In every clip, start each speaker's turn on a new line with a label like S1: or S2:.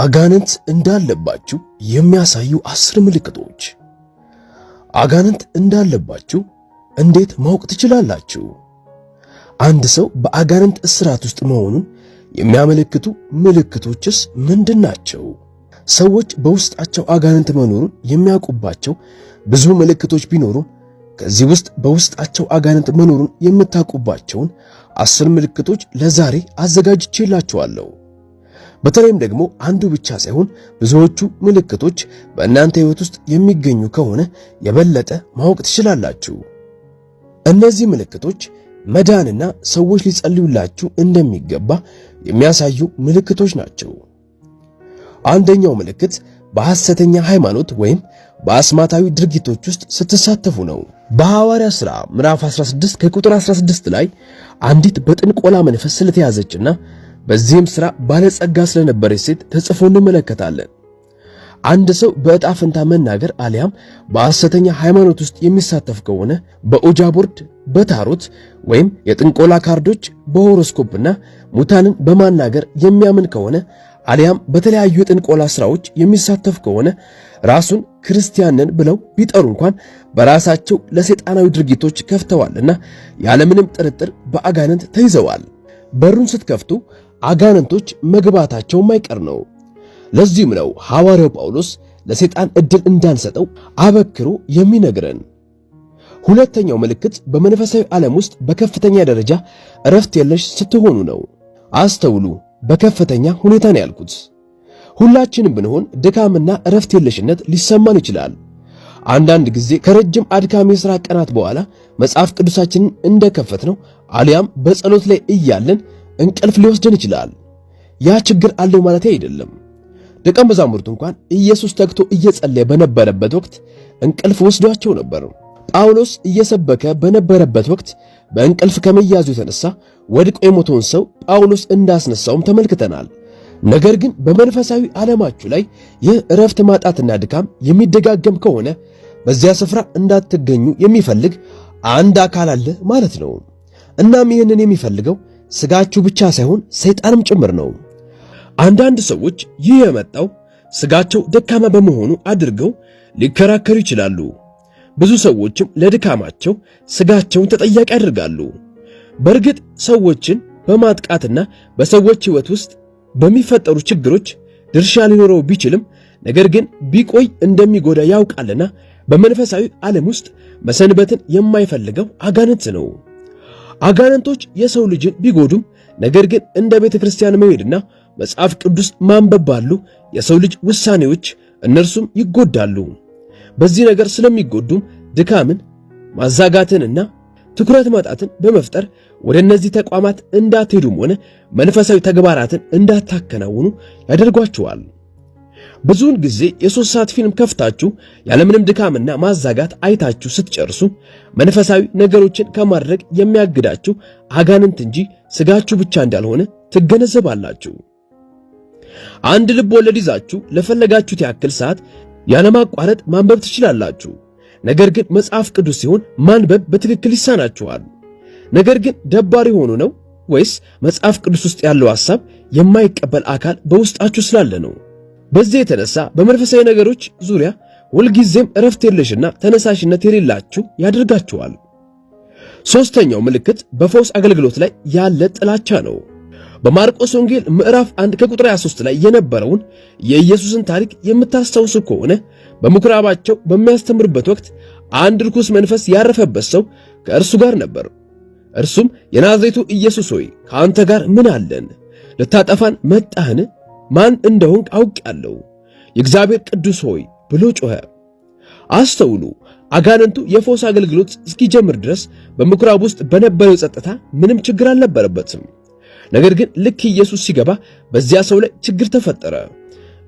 S1: አጋንንት እንዳለባችሁ የሚያሳዩ አስር ምልክቶች። አጋንንት እንዳለባችሁ እንዴት ማወቅ ትችላላችሁ? አንድ ሰው በአጋንንት እስራት ውስጥ መሆኑን የሚያመለክቱ ምልክቶችስ ምንድን ናቸው? ሰዎች በውስጣቸው አጋንንት መኖሩን የሚያውቁባቸው ብዙ ምልክቶች ቢኖሩ ከዚህ ውስጥ በውስጣቸው አጋንንት መኖሩን የምታውቁባቸውን አስር ምልክቶች ለዛሬ አዘጋጅቼላችኋለሁ። በተለይም ደግሞ አንዱ ብቻ ሳይሆን ብዙዎቹ ምልክቶች በእናንተ ሕይወት ውስጥ የሚገኙ ከሆነ የበለጠ ማወቅ ትችላላችሁ። እነዚህ ምልክቶች መዳንና ሰዎች ሊጸልዩላችሁ እንደሚገባ የሚያሳዩ ምልክቶች ናቸው። አንደኛው ምልክት በሐሰተኛ ሃይማኖት ወይም በአስማታዊ ድርጊቶች ውስጥ ስትሳተፉ ነው። በሐዋርያ ሥራ ምዕራፍ 16 ከቁጥር 16 ላይ አንዲት በጥንቆላ መንፈስ ስለተያዘችና በዚህም ሥራ ባለጸጋ ስለነበረች ሴት ተጽፎ እንመለከታለን። አንድ ሰው በዕጣ ፈንታ መናገር አሊያም በሐሰተኛ ሃይማኖት ውስጥ የሚሳተፍ ከሆነ በኦጃ ቦርድ፣ በታሮት ወይም የጥንቆላ ካርዶች፣ በሆሮስኮፕና ሙታንን በማናገር የሚያምን ከሆነ አሊያም በተለያዩ የጥንቆላ ሥራዎች የሚሳተፍ ከሆነ ራሱን ክርስቲያንን ብለው ቢጠሩ እንኳን በራሳቸው ለሰይጣናዊ ድርጊቶች ከፍተዋልና ያለምንም ጥርጥር በአጋንንት ተይዘዋል። በሩን ስትከፍቱ አጋንንቶች መግባታቸው ማይቀር ነው። ለዚህም ነው ሐዋርያው ጳውሎስ ለሰይጣን ዕድል እንዳንሰጠው አበክሮ የሚነግረን። ሁለተኛው ምልክት በመንፈሳዊ ዓለም ውስጥ በከፍተኛ ደረጃ እረፍት የለሽ ስትሆኑ ነው። አስተውሉ፣ በከፍተኛ ሁኔታ ነው ያልኩት። ሁላችንም ብንሆን ድካምና እረፍት የለሽነት ሊሰማን ይችላል። አንዳንድ ጊዜ ከረጅም አድካሚ የሥራ ቀናት በኋላ መጽሐፍ ቅዱሳችንን ነው። አሊያም በጸሎት ላይ እያለን እንቅልፍ ሊወስድን ይችላል። ያ ችግር አለው ማለት አይደለም። ደቀ መዛሙርቱ እንኳን ኢየሱስ ተግቶ እየጸለየ በነበረበት ወቅት እንቅልፍ ወስዷቸው ነበር። ጳውሎስ እየሰበከ በነበረበት ወቅት በእንቅልፍ ከመያዙ የተነሳ ወድቆ የሞተውን ሰው ጳውሎስ እንዳስነሳውም ተመልክተናል። ነገር ግን በመንፈሳዊ ዓለማችሁ ላይ ይህ እረፍት ማጣትና ድካም የሚደጋገም ከሆነ በዚያ ስፍራ እንዳትገኙ የሚፈልግ አንድ አካል አለ ማለት ነው። እናም ይህንን የሚፈልገው ስጋችሁ ብቻ ሳይሆን ሰይጣንም ጭምር ነው። አንዳንድ ሰዎች ይህ የመጣው ስጋቸው ደካማ በመሆኑ አድርገው ሊከራከሩ ይችላሉ። ብዙ ሰዎችም ለድካማቸው ስጋቸውን ተጠያቂ ያደርጋሉ። በእርግጥ ሰዎችን በማጥቃትና በሰዎች ሕይወት ውስጥ በሚፈጠሩ ችግሮች ድርሻ ሊኖረው ቢችልም ነገር ግን ቢቆይ እንደሚጎዳ ያውቃልና በመንፈሳዊ ዓለም ውስጥ መሰንበትን የማይፈልገው አጋንንት ነው። አጋንንቶች የሰው ልጅን ቢጎዱም ነገር ግን እንደ ቤተ ክርስቲያን መሄድና መጽሐፍ ቅዱስ ማንበብ ባሉ የሰው ልጅ ውሳኔዎች እነርሱም ይጎዳሉ። በዚህ ነገር ስለሚጎዱም ድካምን፣ ማዛጋትንና ትኩረት ማጣትን በመፍጠር ወደ እነዚህ ተቋማት እንዳትሄዱም ሆነ መንፈሳዊ ተግባራትን እንዳታከናውኑ ያደርጓቸዋል። ብዙውን ጊዜ የሶስት ሰዓት ፊልም ከፍታችሁ ያለምንም ድካምና ማዛጋት አይታችሁ ስትጨርሱ መንፈሳዊ ነገሮችን ከማድረግ የሚያግዳችሁ አጋንንት እንጂ ስጋችሁ ብቻ እንዳልሆነ ትገነዘባላችሁ። አንድ ልብ ወለድ ይዛችሁ ለፈለጋችሁት ያክል ሰዓት ያለማቋረጥ ማንበብ ትችላላችሁ። ነገር ግን መጽሐፍ ቅዱስ ሲሆን ማንበብ በትክክል ይሳናችኋል። ነገር ግን ደባሪ ሆኖ ነው ወይስ መጽሐፍ ቅዱስ ውስጥ ያለው ሐሳብ የማይቀበል አካል በውስጣችሁ ስላለ ነው? በዚህ የተነሳ በመንፈሳዊ ነገሮች ዙሪያ ሁልጊዜም እረፍት የለሽና ተነሳሽነት የሌላችሁ ያደርጋችኋል። ሦስተኛው ምልክት በፈውስ አገልግሎት ላይ ያለ ጥላቻ ነው። በማርቆስ ወንጌል ምዕራፍ 1 ከቁጥር 23 ላይ የነበረውን የኢየሱስን ታሪክ የምታስታውሱ ከሆነ በምኩራባቸው በሚያስተምርበት ወቅት አንድ ርኩስ መንፈስ ያረፈበት ሰው ከእርሱ ጋር ነበር። እርሱም የናዝሬቱ ኢየሱስ ሆይ ከአንተ ጋር ምን አለን? ልታጠፋን መጣህን? ማን እንደሆንክ አውቃለሁ፣ የእግዚአብሔር ቅዱስ ሆይ ብሎ ጮኸ። አስተውሉ፣ አጋንንቱ የፈውስ አገልግሎት እስኪጀምር ድረስ በምኩራብ ውስጥ በነበረው ጸጥታ ምንም ችግር አልነበረበትም። ነገር ግን ልክ ኢየሱስ ሲገባ በዚያ ሰው ላይ ችግር ተፈጠረ።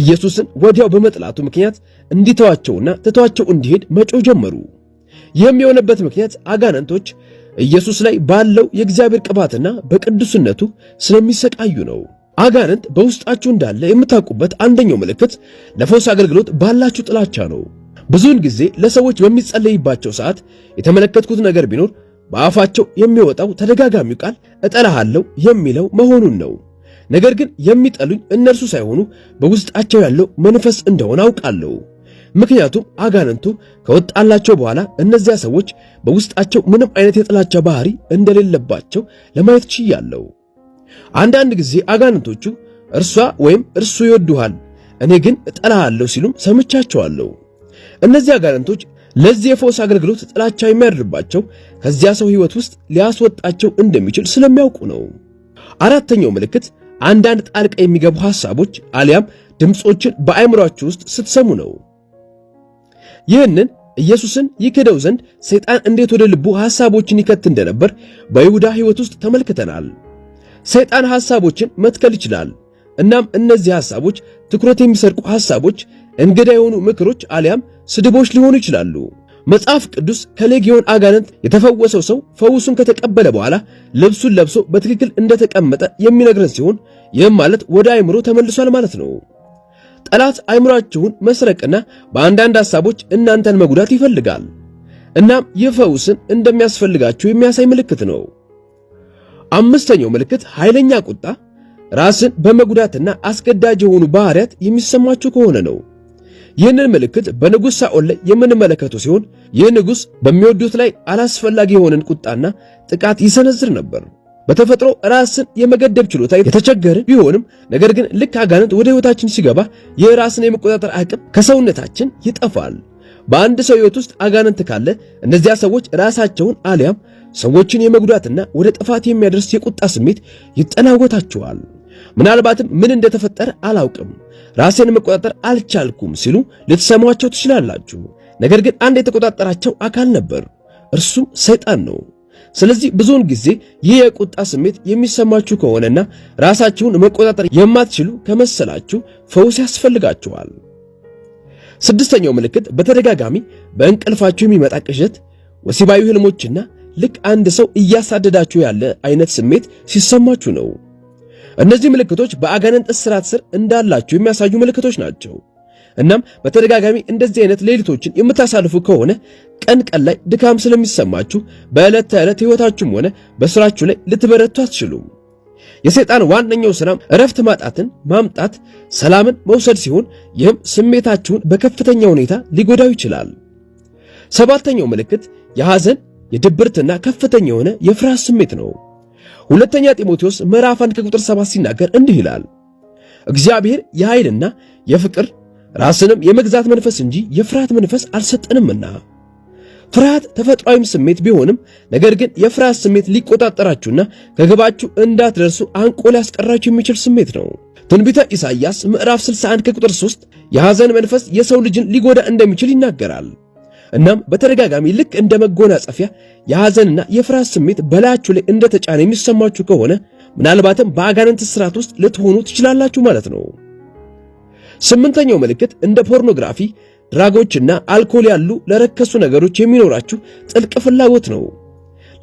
S1: ኢየሱስን ወዲያው በመጥላቱ ምክንያት እንዲተዋቸውና ትተዋቸው እንዲሄድ መጮ ጀመሩ። ይህም የሆነበት ምክንያት አጋንንቶች ኢየሱስ ላይ ባለው የእግዚአብሔር ቅባትና በቅዱስነቱ ስለሚሰቃዩ ነው። አጋንንት በውስጣችሁ እንዳለ የምታውቁበት አንደኛው ምልክት ለፈውስ አገልግሎት ባላችሁ ጥላቻ ነው። ብዙውን ጊዜ ለሰዎች በሚጸለይባቸው ሰዓት የተመለከትኩት ነገር ቢኖር በአፋቸው የሚወጣው ተደጋጋሚው ቃል እጠላሃለሁ የሚለው መሆኑን ነው። ነገር ግን የሚጠሉኝ እነርሱ ሳይሆኑ በውስጣቸው ያለው መንፈስ እንደሆነ አውቃለሁ። ምክንያቱም አጋንንቱ ከወጣላቸው በኋላ እነዚያ ሰዎች በውስጣቸው ምንም አይነት የጥላቻ ባህሪ እንደሌለባቸው ለማየት ችያለሁ። አንዳንድ ጊዜ አጋንንቶቹ እርሷ ወይም እርሱ ይወዱሃል፣ እኔ ግን እጠላሃለሁ ሲሉም ሰምቻቸዋለሁ። እነዚህ አጋንንቶች ለዚህ የፈውስ አገልግሎት ጥላቻ የሚያድርባቸው ከዚያ ሰው ሕይወት ውስጥ ሊያስወጣቸው እንደሚችል ስለሚያውቁ ነው። አራተኛው ምልክት አንዳንድ ጣልቃ የሚገቡ ሐሳቦች አሊያም ድምፆችን በአእምሯችሁ ውስጥ ስትሰሙ ነው። ይህንን ኢየሱስን ይክደው ዘንድ ሰይጣን እንዴት ወደ ልቡ ሐሳቦችን ይከት እንደነበር በይሁዳ ሕይወት ውስጥ ተመልክተናል። ሰይጣን ሐሳቦችን መትከል ይችላል። እናም እነዚህ ሐሳቦች ትኩረት የሚሰርቁ ሐሳቦች፣ እንግዳ የሆኑ ምክሮች አሊያም ስድቦች ሊሆኑ ይችላሉ። መጽሐፍ ቅዱስ ከሌጊዮን አጋንንት የተፈወሰው ሰው ፈውሱን ከተቀበለ በኋላ ልብሱን ለብሶ በትክክል እንደተቀመጠ የሚነግረን ሲሆን ይህም ማለት ወደ አእምሮ ተመልሷል ማለት ነው። ጠላት አእምሯችሁን መስረቅና በአንዳንድ ሐሳቦች እናንተን መጉዳት ይፈልጋል። እናም ይህ ፈውስን እንደሚያስፈልጋችሁ የሚያሳይ ምልክት ነው። አምስተኛው ምልክት ኃይለኛ ቁጣ ራስን በመጉዳትና አስገዳጅ የሆኑ ባህሪያት የሚሰማችሁ ከሆነ ነው። ይህንን ምልክት በንጉሥ ሳኦል ላይ የምንመለከተው ሲሆን ይህ ንጉሥ በሚወዱት ላይ አላስፈላጊ የሆነን ቁጣና ጥቃት ይሰነዝር ነበር። በተፈጥሮ ራስን የመገደብ ችሎታ የተቸገረ ቢሆንም ነገር ግን ልክ አጋንንት ወደ ሕይወታችን ሲገባ የራስን የመቆጣጠር አቅም ከሰውነታችን ይጠፋል። በአንድ ሰው ሕይወት ውስጥ አጋንንት ካለ እነዚያ ሰዎች ራሳቸውን አሊያም ሰዎችን የመጉዳትና ወደ ጥፋት የሚያደርስ የቁጣ ስሜት ይጠናወታቸዋል። ምናልባትም ምን እንደተፈጠረ አላውቅም፣ ራሴን መቆጣጠር አልቻልኩም ሲሉ ልትሰሟቸው ትችላላችሁ። ነገር ግን አንድ የተቆጣጠራቸው አካል ነበር፣ እርሱም ሰይጣን ነው። ስለዚህ ብዙውን ጊዜ ይህ የቁጣ ስሜት የሚሰማችሁ ከሆነና ራሳችሁን መቆጣጠር የማትችሉ ከመሰላችሁ ፈውስ ያስፈልጋችኋል። ስድስተኛው ምልክት በተደጋጋሚ በእንቅልፋችሁ የሚመጣ ቅዠት፣ ወሲባዊ ህልሞችና ልክ አንድ ሰው እያሳደዳችሁ ያለ አይነት ስሜት ሲሰማችሁ ነው። እነዚህ ምልክቶች በአጋንንት እስራት ስር እንዳላችሁ የሚያሳዩ ምልክቶች ናቸው። እናም በተደጋጋሚ እንደዚህ አይነት ሌሊቶችን የምታሳልፉ ከሆነ ቀን ቀን ላይ ድካም ስለሚሰማችሁ በዕለት ተዕለት ሕይወታችሁም ሆነ በስራችሁ ላይ ልትበረቱ አትችሉም። የሰይጣን ዋነኛው ስራም እረፍት ማጣትን ማምጣት፣ ሰላምን መውሰድ ሲሆን ይህም ስሜታችሁን በከፍተኛ ሁኔታ ሊጎዳው ይችላል። ሰባተኛው ምልክት የሐዘን የድብርትና ከፍተኛ የሆነ የፍርሃት ስሜት ነው። ሁለተኛ ጢሞቴዎስ ምዕራፍ 1 ከቁጥር 7 ሲናገር እንዲህ ይላል፣ እግዚአብሔር የኃይልና የፍቅር ራስንም የመግዛት መንፈስ እንጂ የፍርሃት መንፈስ አልሰጠንምና ፍርሃት ተፈጥሯዊም ስሜት ቢሆንም ነገር ግን የፍርሃት ስሜት ሊቆጣጠራችሁና ከግባችሁ እንዳትደርሱ አንቆ ሊያስቀራችሁ የሚችል ስሜት ነው። ትንቢተ ኢሳይያስ ምዕራፍ 61 ከቁጥር 3 የሐዘን መንፈስ የሰው ልጅን ሊጎዳ እንደሚችል ይናገራል። እናም በተደጋጋሚ ልክ እንደ መጎናጸፊያ የሐዘንና የፍርሃት ስሜት በላያችሁ ላይ እንደተጫነ የሚሰማችሁ ከሆነ ምናልባትም በአጋንንት ስርዓት ውስጥ ልትሆኑ ትችላላችሁ ማለት ነው። ስምንተኛው ምልክት እንደ ፖርኖግራፊ ድራጎችና አልኮል ያሉ ለረከሱ ነገሮች የሚኖራችሁ ጥልቅ ፍላጎት ነው።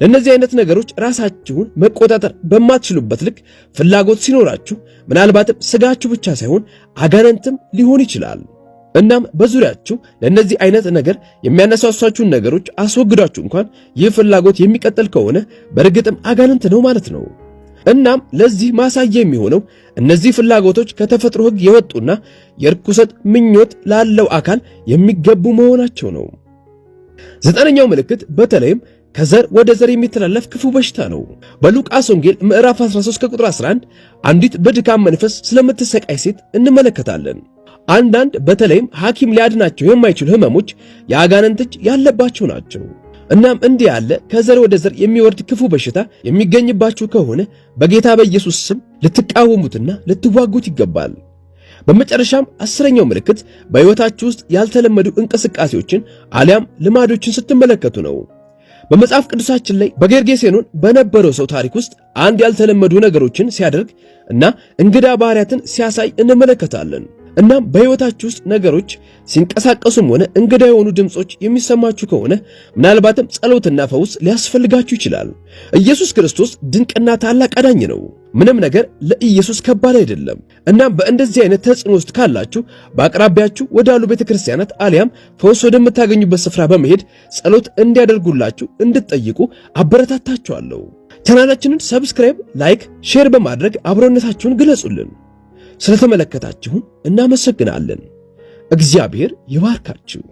S1: ለእነዚህ አይነት ነገሮች ራሳችሁን መቆጣጠር በማትችሉበት ልክ ፍላጎት ሲኖራችሁ ምናልባትም ስጋችሁ ብቻ ሳይሆን አጋንንትም ሊሆን ይችላል። እናም በዙሪያችሁ ለእነዚህ አይነት ነገር የሚያነሳሷችሁን ነገሮች አስወግዷችሁ እንኳን ይህ ፍላጎት የሚቀጥል ከሆነ በእርግጥም አጋንንት ነው ማለት ነው። እናም ለዚህ ማሳያ የሚሆነው እነዚህ ፍላጎቶች ከተፈጥሮ ሕግ የወጡና የርኩሰት ምኞት ላለው አካል የሚገቡ መሆናቸው ነው። ዘጠነኛው ምልክት በተለይም ከዘር ወደ ዘር የሚተላለፍ ክፉ በሽታ ነው። በሉቃስ ወንጌል ምዕራፍ 13 ከቁጥር 11 አንዲት በድካም መንፈስ ስለምትሰቃይ ሴት እንመለከታለን። አንዳንድ በተለይም ሐኪም ሊያድናቸው የማይችሉ ህመሞች የአጋንንት እጅ ያለባቸው ናቸው። እናም እንዲህ ያለ ከዘር ወደ ዘር የሚወርድ ክፉ በሽታ የሚገኝባችሁ ከሆነ በጌታ በኢየሱስ ስም ልትቃወሙትና ልትዋጉት ይገባል። በመጨረሻም አስረኛው ምልክት በሕይወታችሁ ውስጥ ያልተለመዱ እንቅስቃሴዎችን አሊያም ልማዶችን ስትመለከቱ ነው። በመጽሐፍ ቅዱሳችን ላይ በጌርጌሴኖን በነበረው ሰው ታሪክ ውስጥ አንድ ያልተለመዱ ነገሮችን ሲያደርግ እና እንግዳ ባህሪያትን ሲያሳይ እንመለከታለን። እናም በህይወታችሁ ውስጥ ነገሮች ሲንቀሳቀሱም ሆነ እንግዳ የሆኑ ድምጾች የሚሰማችሁ ከሆነ ምናልባትም ጸሎትና ፈውስ ሊያስፈልጋችሁ ይችላል። ኢየሱስ ክርስቶስ ድንቅና ታላቅ አዳኝ ነው። ምንም ነገር ለኢየሱስ ከባድ አይደለም። እናም በእንደዚህ አይነት ተጽዕኖ ውስጥ ካላችሁ በአቅራቢያችሁ ወዳሉ ቤተክርስቲያናት አሊያም ፈውስ ወደምታገኙበት ስፍራ በመሄድ ጸሎት እንዲያደርጉላችሁ እንድትጠይቁ አበረታታችኋለሁ። ቻናላችንን ሰብስክራይብ፣ ላይክ፣ ሼር በማድረግ አብሮነታችሁን ግለጹልን። ስለተመለከታችሁን እናመሰግናለን። እግዚአብሔር ይባርካችሁ።